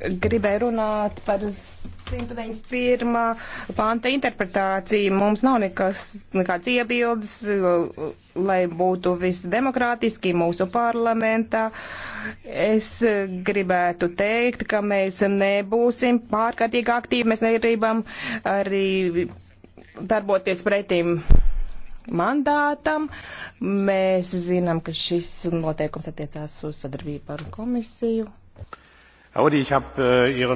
gribēju runāt par 191. panta interpretāciju. Mums nav nekas, nekāds iebildes, lai būtu viss demokrātiski mūsu parlamentā. Es gribētu teikt, ka mēs nebūsim pārkārtīgi aktīvi, mēs negribam arī darboties pretim mandātam. Mēs zinām, ka šis noteikums attiecās uz sadarbību ar komisiju herr audy! ich habe äh,